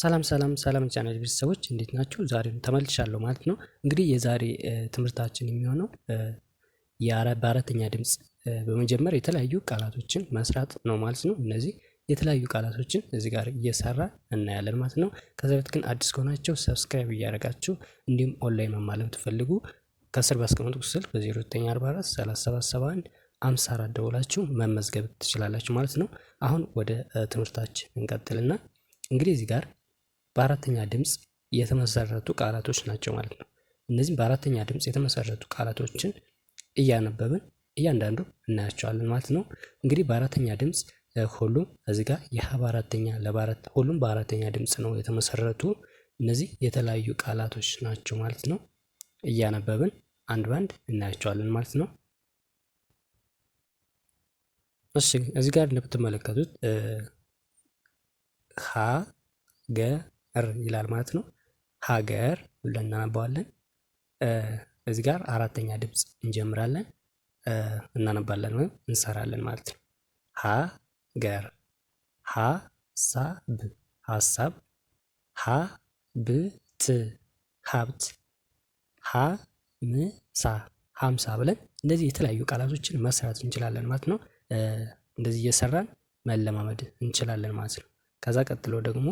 ሰላም ሰላም ሰላም ቻናል ቤተሰቦች እንዴት ናችሁ? ዛሬም ተመልሻለሁ ማለት ነው። እንግዲህ የዛሬ ትምህርታችን የሚሆነው በአራተኛ ድምፅ በመጀመር የተለያዩ ቃላቶችን መስራት ነው ማለት ነው። እነዚህ የተለያዩ ቃላቶችን እዚህ ጋር እየሰራ እናያለን ማለት ነው። ከዚ በፊት ግን አዲስ ከሆናቸው ሰብስክራይብ እያደረጋችሁ እንዲሁም ኦንላይን መማለም ትፈልጉ ከስር ባስቀመጥኩት ስልክ በ0944 3771 አምሳ አራት ደውላችሁ መመዝገብ ትችላላችሁ ማለት ነው። አሁን ወደ ትምህርታችን እንቀጥልና እንግዲህ እዚህ ጋር በአራተኛ ድምጽ የተመሰረቱ ቃላቶች ናቸው ማለት ነው። እነዚህም በአራተኛ ድምጽ የተመሰረቱ ቃላቶችን እያነበብን እያንዳንዱ እናያቸዋለን ማለት ነው። እንግዲህ በአራተኛ ድምጽ ሁሉም እዚህ ጋ የሀ በአራተኛ ለባራት ሁሉም በአራተኛ ድምፅ ነው የተመሰረቱ እነዚህ የተለያዩ ቃላቶች ናቸው ማለት ነው። እያነበብን አንድ በአንድ እናያቸዋለን ማለት ነው። እሺ እዚህ ጋር እንደምትመለከቱት ሀ ገ ር ይላል ማለት ነው። ሀገር ብለን እናነባዋለን። እዚህ ጋር አራተኛ ድምፅ እንጀምራለን እናነባለን ወይም እንሰራለን ማለት ነው። ሀገር፣ ሀሳብ፣ ሀሳብ፣ ሀብት፣ ሀብት፣ ሀምሳ፣ ሀምሳ ብለን እንደዚህ የተለያዩ ቃላቶችን መስራት እንችላለን ማለት ነው። እንደዚህ እየሰራን መለማመድ እንችላለን ማለት ነው። ከዛ ቀጥሎ ደግሞ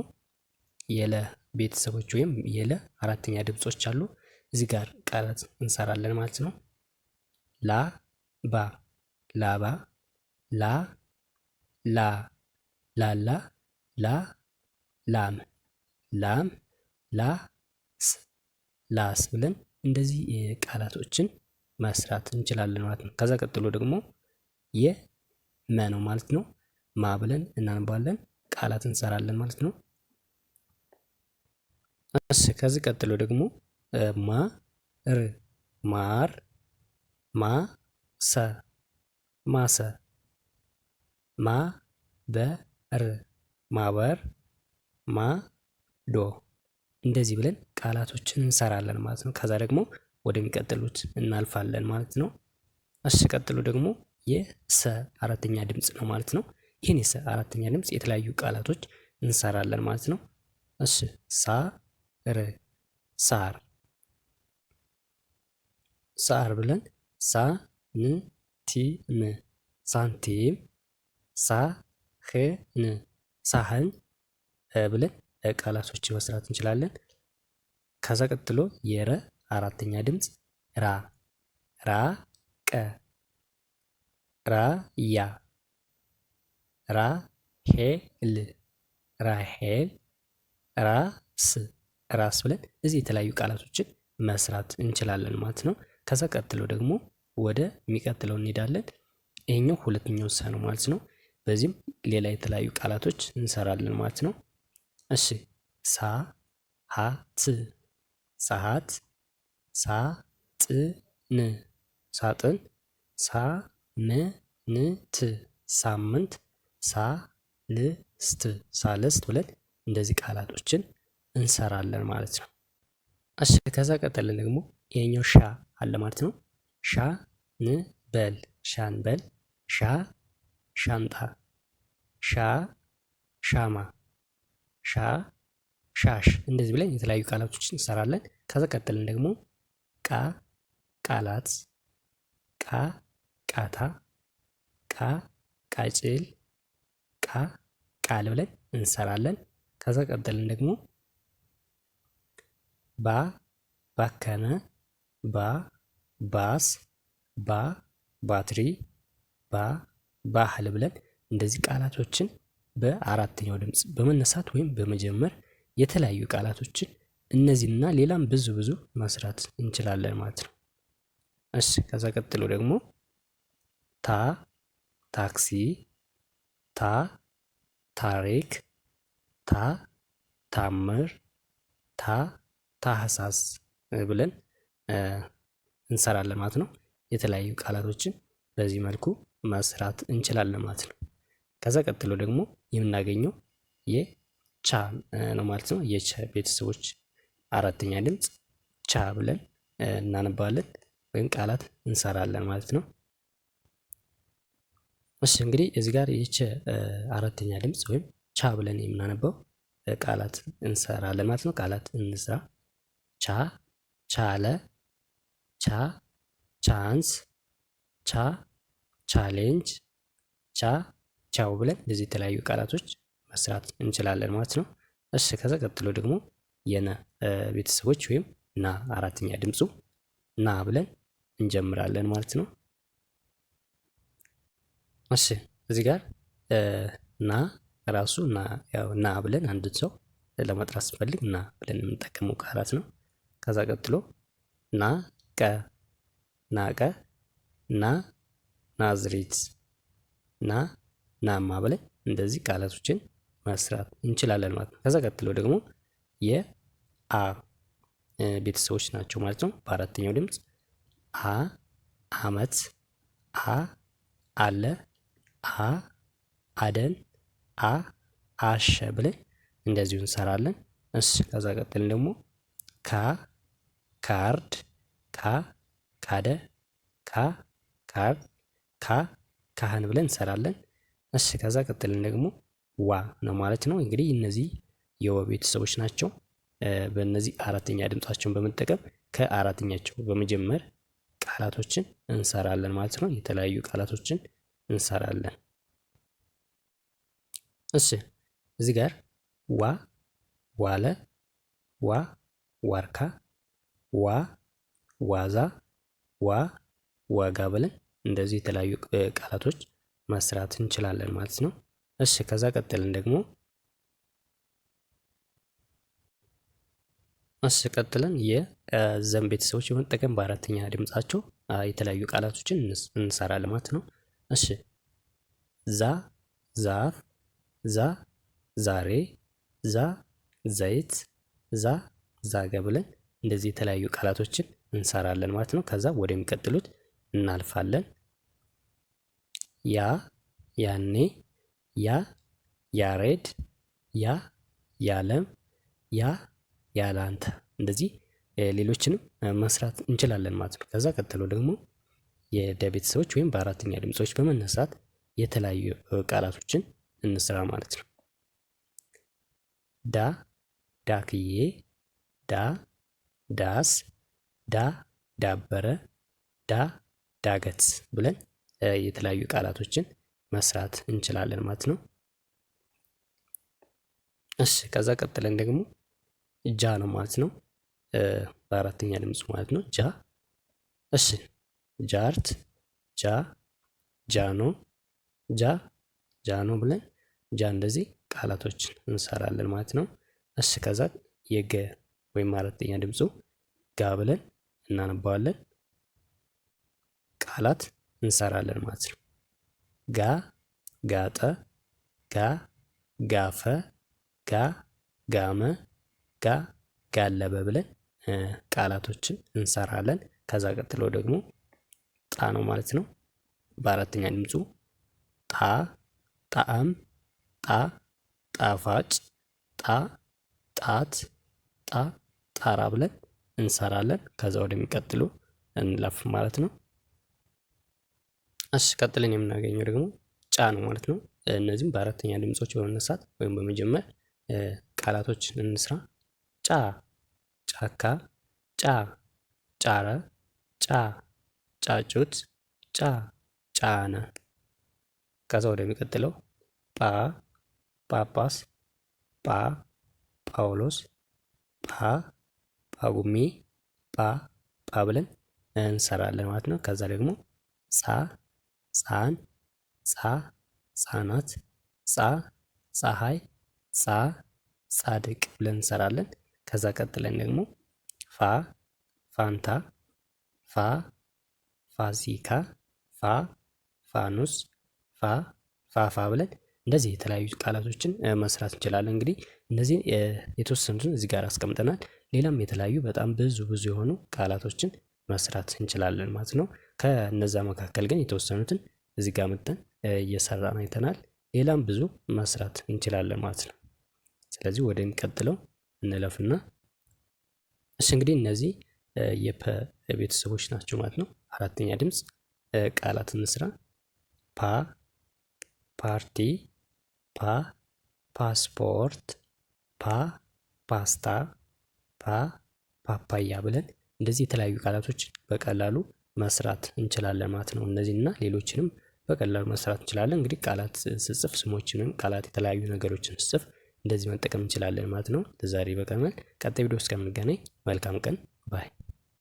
የለ ቤተሰቦች ወይም የለ አራተኛ ድምጾች አሉ። እዚህ ጋር ቃላት እንሰራለን ማለት ነው። ላ ባ ላባ ላ ላ ላላ ላ ላም ላም ላስ ላስ ብለን እንደዚህ ቃላቶችን መስራት እንችላለን ማለት ነው። ከዛ ቀጥሎ ደግሞ የመ ነው ማለት ነው። ማ ብለን እናንባለን ቃላት እንሰራለን ማለት ነው። እስ ከዚህ ቀጥሎ ደግሞ ማ ር ማር ማ ሰ ማሰ ማ በ ር ማበር ማ ዶ እንደዚህ ብለን ቃላቶችን እንሰራለን ማለት ነው። ከዛ ደግሞ ወደሚቀጥሉት እናልፋለን ማለት ነው። እሺ ቀጥሎ ደግሞ የሰ አራተኛ ድምጽ ነው ማለት ነው። ይህን የሰ አራተኛ ድምጽ የተለያዩ ቃላቶች እንሰራለን ማለት ነው። እሺ ሳ ር ሳር ሳር ብለን ሳ ን ቲ ም ሳንቲም ሳ ህ ን ሳህን ብለን ቃላቶችን መስራት እንችላለን። ከዛ ቀጥሎ የረ አራተኛ ድምፅ ራ ራ ቀ ራ ያ ራ ሄ ል ራሄል ራስ ራስ ብለን እዚህ የተለያዩ ቃላቶችን መስራት እንችላለን ማለት ነው። ከዛ ቀጥሎ ደግሞ ወደ የሚቀጥለው እንሄዳለን። ይሄኛው ሁለተኛው ውሳ ነው ማለት ነው። በዚህም ሌላ የተለያዩ ቃላቶች እንሰራለን ማለት ነው። እሺ ሳ ሀ ት ሰዓት ሳ ጥ ን ሳጥን ሳ ም ን ት ሳምንት ሳ ልስት ሳልስት ብለን እንደዚህ ቃላቶችን እንሰራለን ማለት ነው። እሺ ከዛ ቀጠልን ደግሞ ይሄኛው ሻ አለ ማለት ነው። ሻ ን በል ሻን በል ሻ ሻንጣ ሻ ሻማ ሻ ሻሽ እንደዚህ ብለን የተለያዩ ቃላቶችን እንሰራለን። ከዛ ቀጥልን ደግሞ ቃ ቃላት ቃ ቃታ ቃ ቃጭል ቃ ቃል ብለን እንሰራለን። ከዛ ቀጥልን ደግሞ ባ ባከነ ባ ባስ ባ ባትሪ ባ ባህል ብለን እንደዚህ ቃላቶችን በአራተኛው ድምፅ በመነሳት ወይም በመጀመር የተለያዩ ቃላቶችን እነዚህና ሌላም ብዙ ብዙ መስራት እንችላለን ማለት ነው። እሺ ከዛ ቀጥሎ ደግሞ ታ ታክሲ ታ ታሪክ ታ ታምር ታ ታህሳስ ብለን እንሰራለን ማለት ነው። የተለያዩ ቃላቶችን በዚህ መልኩ መስራት እንችላለን ማለት ነው። ከዛ ቀጥሎ ደግሞ የምናገኘው የቻ ነው ማለት ነው። የቻ ቤተሰቦች አራተኛ ድምፅ ቻ ብለን እናነባለን ወይም ቃላት እንሰራለን ማለት ነው። እሺ እንግዲህ እዚህ ጋር የቸ አራተኛ ድምፅ ወይም ቻ ብለን የምናነባው ቃላት እንሰራለን ማለት ነው። ቃላት እንስራ ቻ ቻለ ቻ ቻንስ ቻ ቻሌንጅ ቻ ቻው ብለን እንደዚህ የተለያዩ ቃላቶች መስራት እንችላለን ማለት ነው። እሺ ከዛ ቀጥሎ ደግሞ የነ ቤተሰቦች ወይም ና አራተኛ ድምፁ ና ብለን እንጀምራለን ማለት ነው። እሺ እዚህ ጋር ና ራሱ ና ያው ና ብለን አንድን ሰው ለመጥራት ስንፈልግ ና ብለን የምንጠቀመው ቃላት ነው። ከዛ ቀጥሎ ና ቀ ናቀ ና ናዝሬት ና ናማ ብለን እንደዚህ ቃላቶችን መስራት እንችላለን ማለት ነው። ከዛ ቀጥሎ ደግሞ የአ ቤተሰቦች ናቸው ማለት ነው። በአራተኛው ድምፅ አ አመት፣ አ አለ፣ አ አደን፣ አ አሸ ብለን እንደዚሁ እንሰራለን። እሺ ከዛ ቀጥልን ደግሞ ካ ካርድ ካ ካደ ካ ካብ ካ ካህን ብለን እንሰራለን። እሺ ከዛ ቀጥልን ደግሞ ዋ ነው ማለት ነው። እንግዲህ እነዚህ የወ ቤተሰቦች ናቸው። በእነዚህ አራተኛ ድምጻቸውን በመጠቀም ከአራተኛቸው በመጀመር ቃላቶችን እንሰራለን ማለት ነው። የተለያዩ ቃላቶችን እንሰራለን። እሺ እዚህ ጋር ዋ ዋለ ዋ ዋርካ ዋ ዋዛ ዋ ዋጋ ብለን እንደዚህ የተለያዩ ቃላቶች መስራት እንችላለን ማለት ነው። እሺ ከዛ ቀጥልን ደግሞ እሺ ቀጥለን የዘን ቤተሰቦች በመጠቀም በአራተኛ ድምጻቸው የተለያዩ ቃላቶችን እንሰራለን ማለት ነው። እሺ ዛ ዛፍ ዛ ዛሬ ዛ ዘይት ዛ ዛገ ብለን እንደዚህ የተለያዩ ቃላቶችን እንሰራለን ማለት ነው። ከዛ ወደሚቀጥሉት እናልፋለን። ያ ያኔ፣ ያ ያሬድ፣ ያ ያለም፣ ያ ያላንተ እንደዚህ ሌሎችንም መስራት እንችላለን ማለት ነው። ከዛ ቀጥሎ ደግሞ የደ ቤተሰቦች ወይም በአራተኛ ድምፆች በመነሳት የተለያዩ ቃላቶችን እንስራ ማለት ነው። ዳ ዳክዬ ዳ ዳስ ዳ ዳበረ ዳ ዳገት ብለን የተለያዩ ቃላቶችን መስራት እንችላለን ማለት ነው። እሺ ከዛ ቀጥለን ደግሞ ጃ ነው ማለት ነው። በአራተኛ ድምፅ ማለት ነው። ጃ እሺ ጃርት ጃ ጃኖ ጃ ጃኖ ብለን ጃ እንደዚህ ቃላቶችን እንሰራለን ማለት ነው። እሺ ከዛ የገ ወይም አራተኛ ድምፁ ጋ ብለን እናነባዋለን። ቃላት እንሰራለን ማለት ነው። ጋ ጋጠ፣ ጋ ጋፈ፣ ጋ ጋመ፣ ጋ ጋለበ ብለን ቃላቶችን እንሰራለን። ከዛ ቀጥሎ ደግሞ ጣ ነው ማለት ነው። በአራተኛ ድምፁ ጣ ጣዕም፣ ጣ ጣፋጭ፣ ጣ ጣት ጣ ጣራ ብለን እንሰራለን። ከዛ ወደሚቀጥሉ እንለፍ ማለት ነው። እሺ ቀጥለን የምናገኘው ደግሞ ጫ ነው ማለት ነው። እነዚህም በአራተኛ ድምፆች በመነሳት ወይም በመጀመር ቃላቶች እንስራ። ጫ ጫካ፣ ጫ ጫረ፣ ጫ ጫጩት፣ ጫ ጫነ። ከዛ ወደሚቀጥለው ጳ ጳጳስ፣ ጳ ጳውሎስ፣ ጳ ጳጉሜ ጳ ጳ ብለን እንሰራለን ማለት ነው። ከዛ ደግሞ ጻ ጻን ጻ ጻናት ጻ ፀሐይ ጻ ጻድቅ ብለን እንሰራለን። ከዛ ቀጥለን ደግሞ ፋ ፋንታ ፋ ፋሲካ ፋ ፋኑስ ፋ ፋፋ ብለን እንደዚህ የተለያዩ ቃላቶችን መስራት እንችላለን። እንግዲህ እነዚህ የተወሰኑትን እዚህ ጋር አስቀምጠናል። ሌላም የተለያዩ በጣም ብዙ ብዙ የሆኑ ቃላቶችን መስራት እንችላለን ማለት ነው። ከነዛ መካከል ግን የተወሰኑትን እዚህ ጋር መጠን እየሰራን አይተናል። ሌላም ብዙ መስራት እንችላለን ማለት ነው። ስለዚህ ወደሚቀጥለው እንለፍና እሺ እንግዲህ እነዚህ የፐ ቤተሰቦች ናቸው ማለት ነው። አራተኛ ድምፅ ቃላት እንስራ። ፓ ፓርቲ ፓ ፓስፖርት ፓ ፓስታ ፓ ፓፓያ ብለን እንደዚህ የተለያዩ ቃላቶች በቀላሉ መስራት እንችላለን ማለት ነው። እነዚህና ሌሎችንም በቀላሉ መስራት እንችላለን። እንግዲህ ቃላት ስጽፍ ስሞችንም ቃላት የተለያዩ ነገሮችን ስጽፍ እንደዚህ መጠቀም እንችላለን ማለት ነው። ለዛሬ በቀመን ቀጣይ ቪዲዮ እስከምንገናኝ መልካም ቀን ባይ